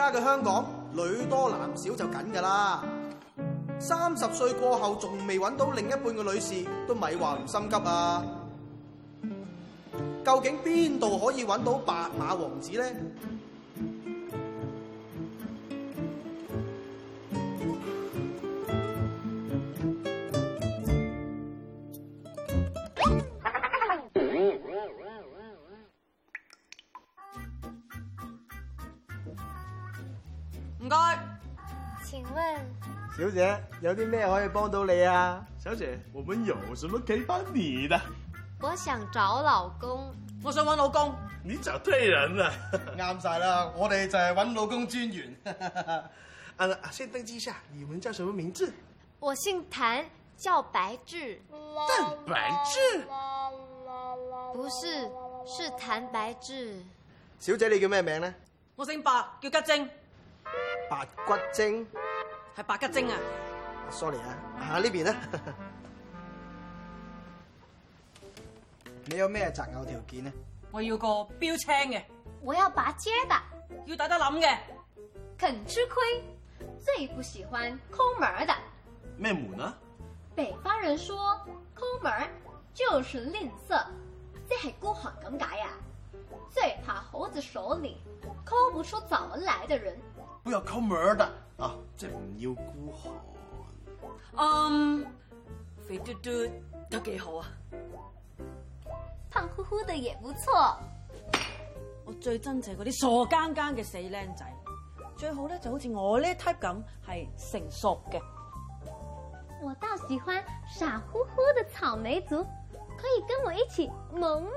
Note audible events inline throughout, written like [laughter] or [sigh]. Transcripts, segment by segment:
而家嘅香港女多男少就緊噶啦，三十歲過後仲未揾到另一半嘅女士都咪話唔心急啊！究竟邊度可以揾到白馬王子呢？有啲咩可以幫到你啊，小姐？我們有什麼可以幫你的？我想找老公，我想揾老公。你找對人啦，啱晒啦！我哋就係揾老公專員。啊， [laughs] 先登記一下，你們叫什麼名字？我姓譚，叫白智。蛋白質？不是，是譚白智。小姐，你叫咩名呢？我姓白，叫吉晶。白骨精。係白骨精啊！sorry 啊，喺呢邊啊，邊呢 [laughs] 你有咩擇偶條件呢？我要個標青嘅，我要拔尖的，要大家諗嘅，肯吃虧，最不喜歡摳門兒的。咩門啊？北方人說摳門就是吝嗇，即係孤寒咁解啊！最怕猴子手裏摳不出棗來嘅人，不要摳門的啊！即係唔要孤寒啊。嗯，um，肥嘟嘟都幾好啊，胖乎乎的也不錯。我最憎就係嗰啲傻更更嘅死靚仔，最好咧就好似我呢 type 咁係成熟嘅。我倒喜歡傻乎乎的草莓族，可以跟我一起萌嘛？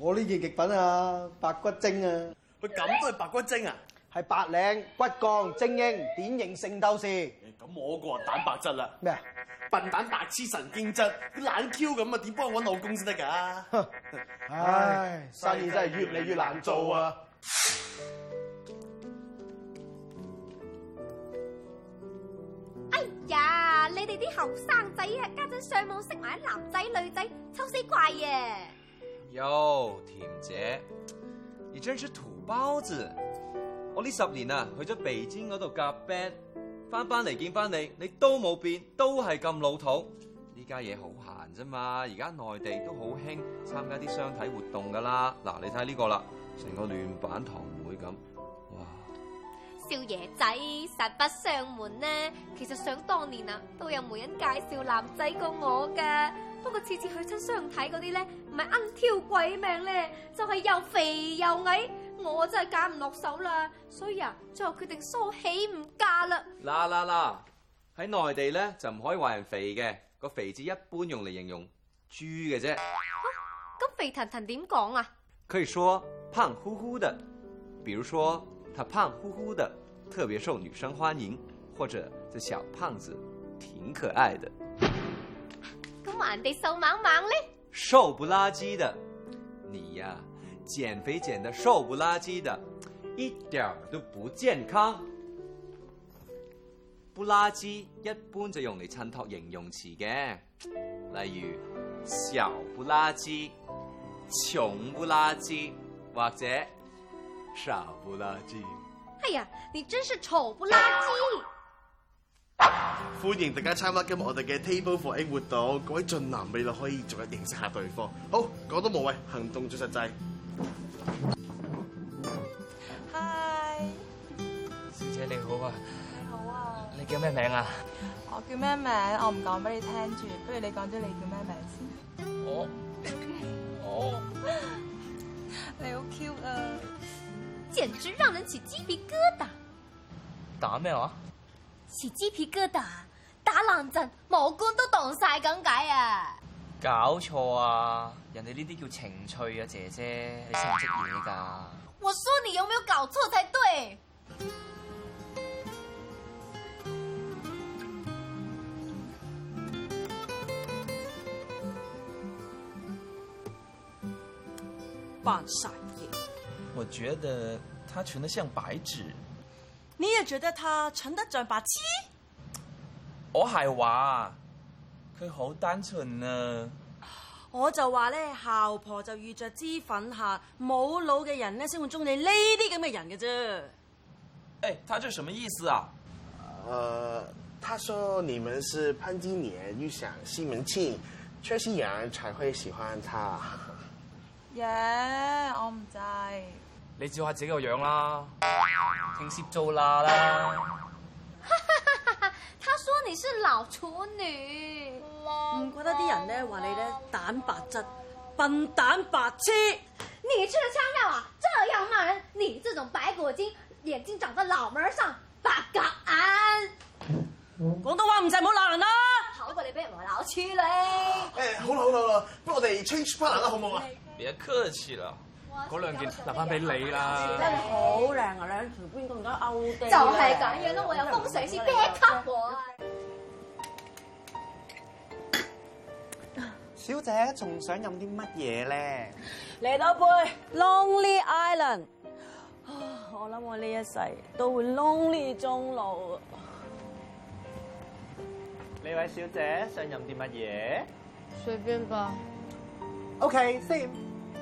我呢件極品啊，白骨精啊！佢咁都係白骨精啊？係白領、骨幹、精英、典型剩鬥士。咁、欸、我個係蛋白質啦、啊。咩啊？笨蛋、白痴、神經質，佢懶 Q 咁啊，點幫我揾老公先得㗎？唉、哎，生意真係越嚟越難做啊！哎呀，你哋啲後生仔啊，家陣上網識埋啲男仔女仔，醜死怪啊！喲，甜姐，你真係土包子！我呢十年啊，去咗北京嗰度夾 band，翻返嚟見翻你，你都冇變，都係咁老土。呢家嘢好閒啫嘛，而家內地都好興參加啲相體活動㗎啦。嗱，你睇呢、這個啦，成個亂板堂妹咁。少爺仔，實不相瞞呢，其實想當年啊，都有媒人介紹男仔過我嘅，不過次次去親相睇嗰啲咧，唔係奀挑鬼命咧，就係、是、又肥又矮，我真係揀唔落手啦，所以啊，最後決定梳起唔嫁啦。啦啦啦，喺、啊、內、啊、地咧就唔可以話人肥嘅，個肥字一般用嚟形容豬嘅啫。咁肥騰騰點講啊？可、啊、以說胖乎乎的，比如說。他胖乎乎的，特別受女生歡迎，或者這小胖子挺可愛的。咁嘛人哋瘦猛猛呢？瘦不拉幾的，你呀、啊，減肥減得瘦不拉幾的，一點兒都不健康。不拉幾一般就用嚟襯托形容詞嘅，例如「小不拉幾」、「窮不拉幾」，或者。傻不拉幾！哎呀，你真是醜不拉幾！歡迎大家參加今日我哋嘅 Table for Eight 活動，各位俊男美女可以逐一認識下對方。好，講都冇謂，行動最實際。Hi，小姐你好啊。你好啊。你叫咩名啊？我叫咩名？我唔講俾你聽住，不如你講咗你叫咩名先？哦。哦。簡直讓人起雞皮疙瘩！打咩話、啊？起雞皮疙瘩，打冷震，毛管都戙晒咁解啊！搞錯啊！人哋呢啲叫情趣啊，姐姐，你識唔識嘢噶？我說你有冇搞錯才對？扮晒。我覺得他蠢得像白紙，你也覺得他蠢得像白痴？我係話佢好單純啊！我就話咧，姣婆就遇着脂粉客，冇腦嘅人咧先會中意呢啲咁嘅人嘅啫。誒、欸，他這什麼意思啊？誒、呃，他說你們是潘金蓮遇上西門慶，缺心眼才會喜歡他。耶、yeah，我唔知。你照下自己個樣啦，聽攝做啦啦。哈哈哈！哈，哈，佢話你是「老處女」，唔怪得啲人咧話你咧蛋白質笨蛋白痴。你吃了槍藥啊？這樣罵人，你這種白骨精眼睛長在腦門上，白鴿眼、嗯。廣東話唔使唔好鬧人啦。好過你俾人話老處女。誒、哎，好啦好啦好啦，不如我哋 change part 啦，好唔好啊？別客氣了。嗰兩件留翻俾你啦，真係好靚啊！兩條邊更加歐啲，就係咁樣咯。我有風水師，邊一級我啊？小姐，仲想飲啲乜嘢咧？嚟多杯 Lonely Island。啊，我諗我呢一世都會 Lonely 中路。呢位小姐想飲啲乜嘢？隨便吧。OK，same。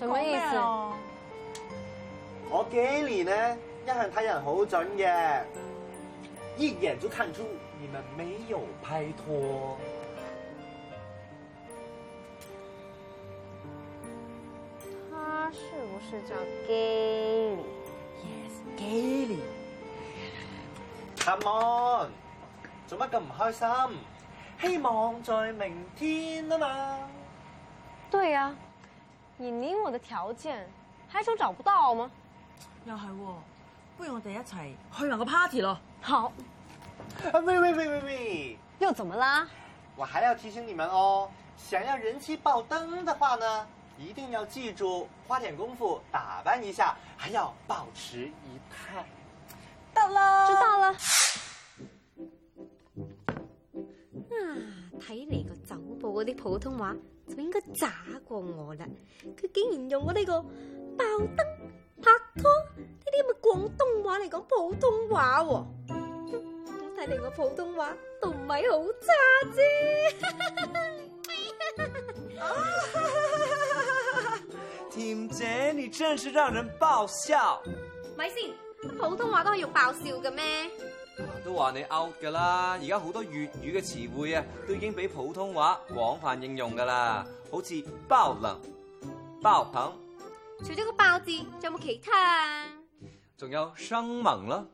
什麼意思？啊、我 Gilly 呢，一向睇人好準嘅，一眼就看出你們沒有拍拖。他是不是叫 G？Yes，Gilly。Come on，做乜咁唔開心？希望在明天啊嘛。對呀、啊。以你我的條件，還愁找不到嗎？又係、哦，不如我哋一齊去兩個 party 咯。好。喂喂喂喂喂，又怎麼啦？我還要提醒你們哦，想要人氣爆燈的話呢，一定要記住花點功夫打扮一下，還要保持儀態。到了，知道了。啊，睇嚟個走步嗰啲普通話。應該渣過我啦！佢竟然用我呢個爆燈拍拖，呢啲咁嘅廣東話嚟講普通話喎、哦，睇嚟我普通話都唔係好差啫。甜、 [laughs] 啊、姐，你真係讓人爆笑。咪先，普通話都可以用爆笑嘅咩？都話你 out 噶啦，而家好多粵語嘅詞彙啊，都已經畀普通話廣泛應用噶啦。好似爆冷、爆棚，除咗個爆字，仲有冇其他啊？仲有生猛咯，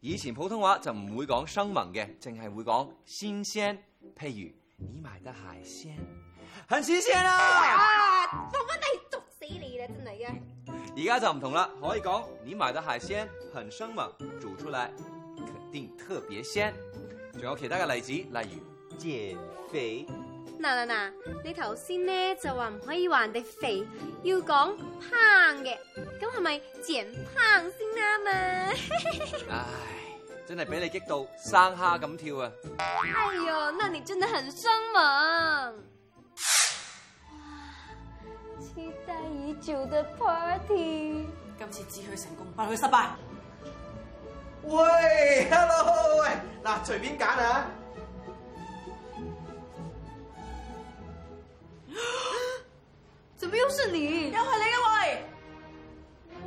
以前普通話就唔會講生猛嘅，淨係會講鮮鮮。譬如你買得海鮮很鮮鮮啊！放翻你，灼死你啦！真係嘅。而家就唔同啦，可以講你買得海鮮很生猛，煮出嚟，肯定特別鮮。仲有其他嘅例子，例如減肥。嗱嗱嗱！你頭先呢就話唔可以話人哋肥，要講胖嘅，咁係咪自然胖先啱啊？ [laughs] 唉，真係俾你激到生蝦咁跳啊！哎呦，那你真的很生猛！期待已久的 party，今次只許成功，不許失敗。喂，hello，喂，嗱，隨便揀啊！啊、怎麼又是你？又係你嘅位。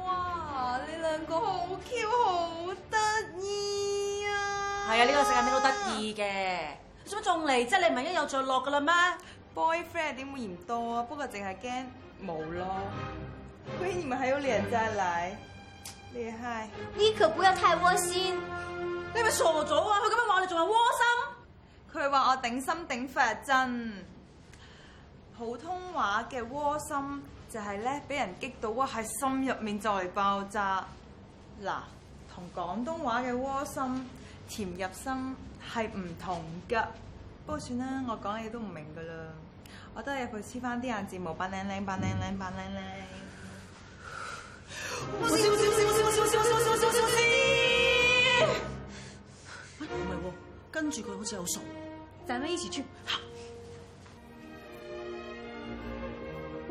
哇，你兩個好 Q，好得意啊！係啊，呢、這個世界邊好得意嘅？做乜仲嚟？即係你唔係一有著落噶啦咩？Boyfriend 點會嫌多？不過淨係驚冇咯。虧你們還有臉再來，厲、嗯、害！你可不要太窩心。你咪傻咗啊！佢咁樣話我，你仲話窩心？佢話我頂心頂肺真。普通話嘅窩心就係咧，俾人激到啊，喺心入面再嚟爆炸。嗱，同廣東話嘅窩心甜入心係唔同㗎。不過算啦，我講嘢都唔明㗎啦，我都係入去黐翻啲眼睫毛，扮靚靚，扮靚靚，扮靚靚。我笑，我笑，我笑，我笑，笑，笑，笑，笑，笑、啊。唔係跟住佢好似好熟。站喺依處出。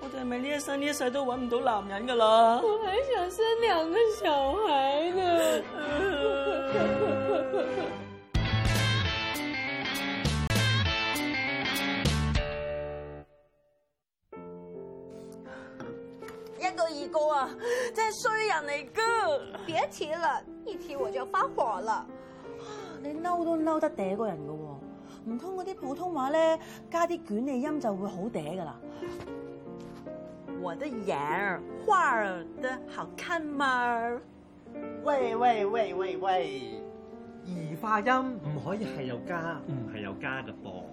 我哋係咪呢一生呢一世都揾唔到男人噶啦？我還想生兩個小孩呢， [laughs] [laughs] 一個二個啊，真係衰人嚟噶！別提了，一提我就發火啦。 [laughs] 你嬲都嬲得嗲個人噶，唔通嗰啲普通話咧加啲捲脷音就會好嗲噶啦？我的眼畫得好看嗎？喂喂喂喂喂，兒化音唔可以係有加，唔係有加嘅噃。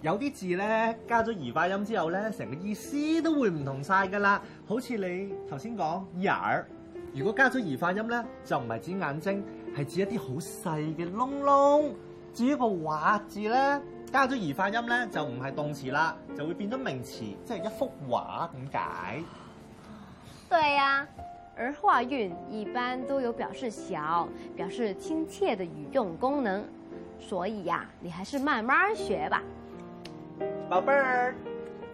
有啲字咧，加咗兒化音之後咧，成個意思都會唔同晒噶啦。好似你頭先講眼，如果加咗兒化音咧，就唔係指眼睛，係指一啲好細嘅窿窿。至於個畫字咧。加咗兒化音呢，就唔係動詞啦，就會變咗名詞，即係一幅畫，點解？對呀、啊，兒化韻一般都有表示小、表示親切的語用功能，所以呀、啊，你還是慢慢學吧，寶貝兒。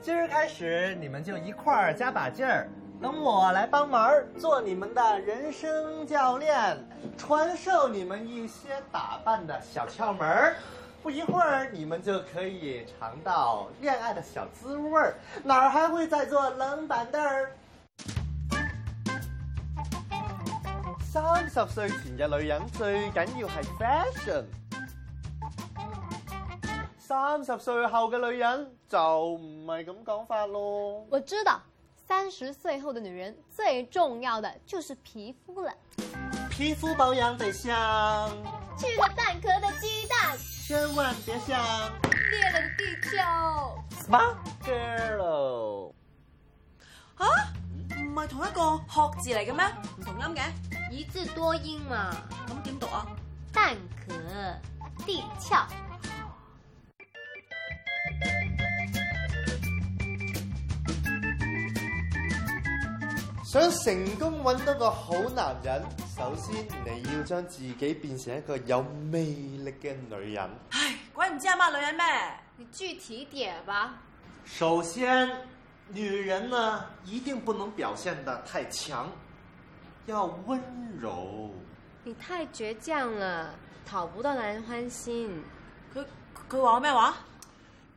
今兒開始，你們就一塊加把勁兒，等我來幫忙，做你們的人生教練，傳授你們一些打扮的小竅門不一會兒，你們就可以嘗到戀愛的小滋味，哪兒還會再坐冷板凳兒？三十歲前的女人最緊要係 fashion，三十歲後嘅女人就唔係咁講法咯。我知道，三十歲後的女人最重要的就是皮膚了，皮膚保養得像，去了蛋殼的雞。千萬別笑啊，裂了個地殼 Smart girl，吓，唔係同一個學來的嗎“學”字嚟嘅咩？唔同音嘅，一字多音嘛。咁點讀啊？蛋殼地殼。想成功揾到個好男人，首先你要將自己變成一個有魅力嘅女人。唉，鬼唔知啊嘛，女人咩？你具體點吧。首先，女人呢一定不能表現得太強，要温柔。你太倔強了，討不到男人歡心。佢佢話咩話？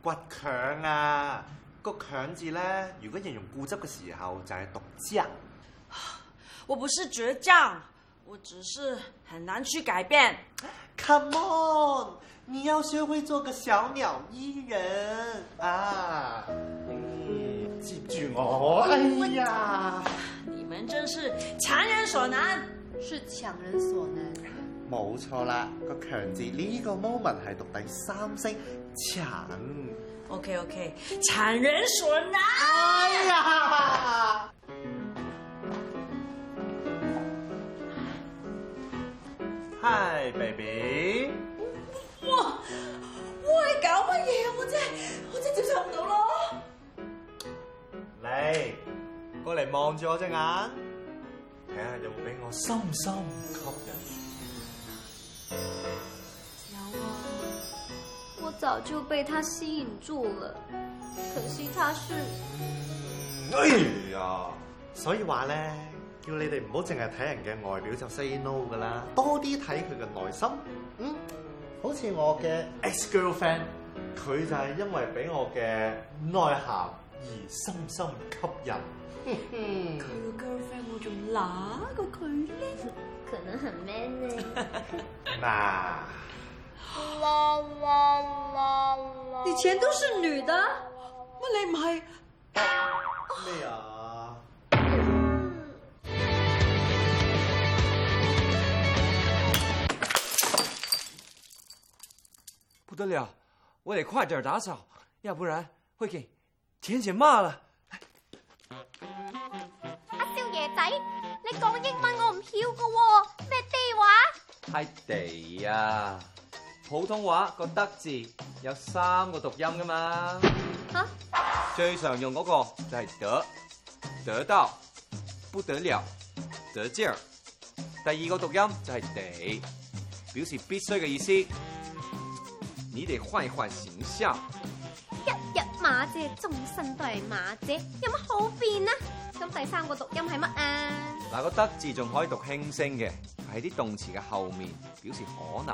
倔強啊！個強字咧，如果形容固執嘅時候，就係讀之。我不是倔強，我只是很難去改變。Come on，你要學會做個小鳥依人啊！嗯、接住我！哎呀，你們真是強人所難，是強人所難。冇錯啦，個強字呢個 moment 係讀第三聲強。O K O K，慘人所難啊！哎呀！Hi baby，哇哇你搞乜嘢啊？我真係我真係接受唔到咯！嚟，過嚟望住我隻眼，睇下有冇俾我深深吸引。早就被他吸引住了，可惜他是。嗯、哎呀，所以話咧，叫你哋唔好淨係睇人嘅外表就 say no 㗎啦，多啲睇佢嘅內心。嗯，好似我嘅 ex girlfriend，佢就係因為俾我嘅內涵而深深吸引。佢、嗯、個、嗯、girlfriend，我仲拿過佢咧。可能很 man 咧，欸。嗱。 [laughs] [laughs] 啦以前都是女的，乜你唔係咩啊？不得了，我得快點打掃，要不然會給田姐罵了。阿少爺仔，你講英文我唔曉噶，咩地話？係地啊！普通話個德字有三個讀音噶嘛，啊？吓，最常用嗰個就係得，得到不得了，得勁。第二個讀音就係得，表示必須嘅意思。你得換一換形象。一日馬姐，終身都係馬姐，有乜好變啊？咁第三個讀音係乜啊？嗱、那，個德字仲可以讀輕聲嘅，喺啲動詞嘅後面，表示可能。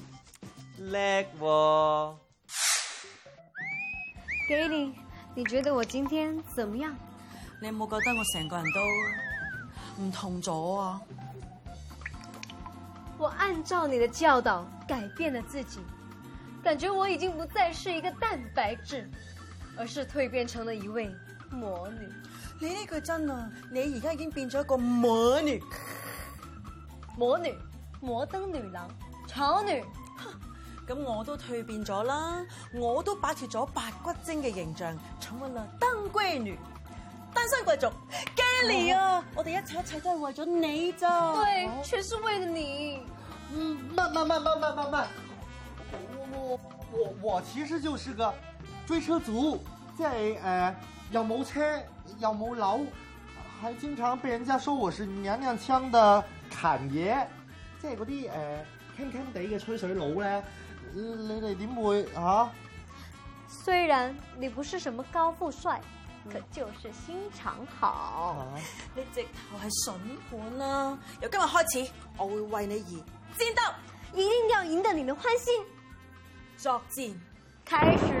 叻喎，Daddy，你覺得我今天怎麼樣？你有冇覺得我成個人都唔同咗啊？我按照你的教導改變了自己，感覺我已經不再是一個蛋白質，而是蛻變成了一位魔女。你呢句真啊？你而家已經變咗一個魔女，魔女、摩登女郎、潮女。咁我都蛻變咗啦，我都擺脱咗白骨精嘅形象，重温啦單身貴族 Gillian 我哋一切一切都係為咗你咋？對，全是為了你、哦。嗯，乜乜乜乜乜乜乜，我我我其實就是個追車族，即係誒又冇車又冇樓，係經常被人家說我是娘娘腔嘅侃爺，即係嗰啲誒輕輕地嘅吹水佬咧。你哋點會吓、啊？雖然你不是什麼高富帥，可就是心腸好。你直頭係筍盤啦！由今日開始，我會為你而戰鬥，一定要贏得你們歡心。作戰，開始。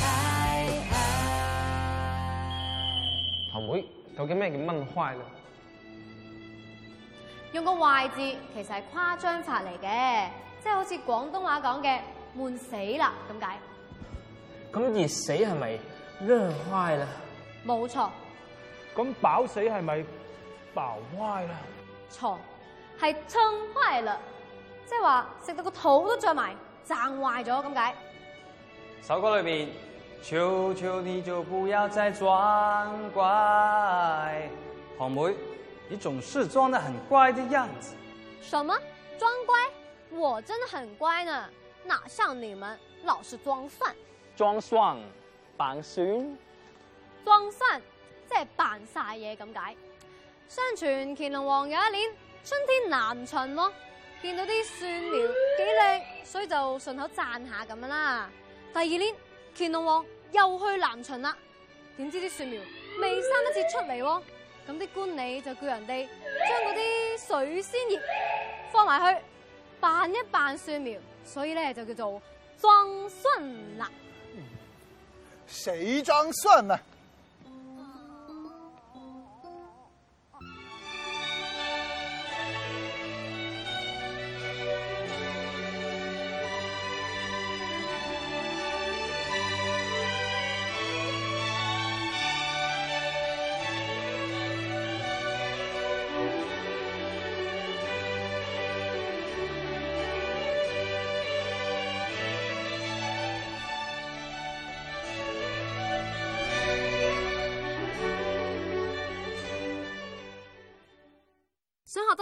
妹、哎，究竟咩叫悶壞咧？用個壞字，其實係誇張法嚟嘅，即係好似廣東話講嘅悶死啦，咁解？咁熱死係咪熱壞啦？冇錯。咁飽死係咪飽壞啦？錯，係撐壞啦，即係話食到個肚都着埋，撐壞咗咁解？首歌裏面。求求你就不要再裝乖，唐梅，你總是裝得很乖的樣子。什麼裝乖？我真的很乖呢、啊，哪像你們老是裝蒜、裝蒜、扮蒜、裝蒜，即係扮晒嘢咁解。相傳乾隆皇有一年春天南巡、哦，見到啲蒜苗幾靚，所以就順口讚下咁樣啦。第二年。乾隆王又去南巡啦，點知啲蒜苗未生得切出嚟喎，咁啲官吏就叫人哋將嗰啲水仙葉放埋去扮一扮蒜苗，所以咧就叫做裝蒜啦。誰裝蒜啊？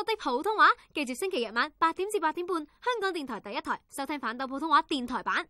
的普通話，記住星期日晚八點至八點半，香港電台第一台收聽反斗普通話電台版。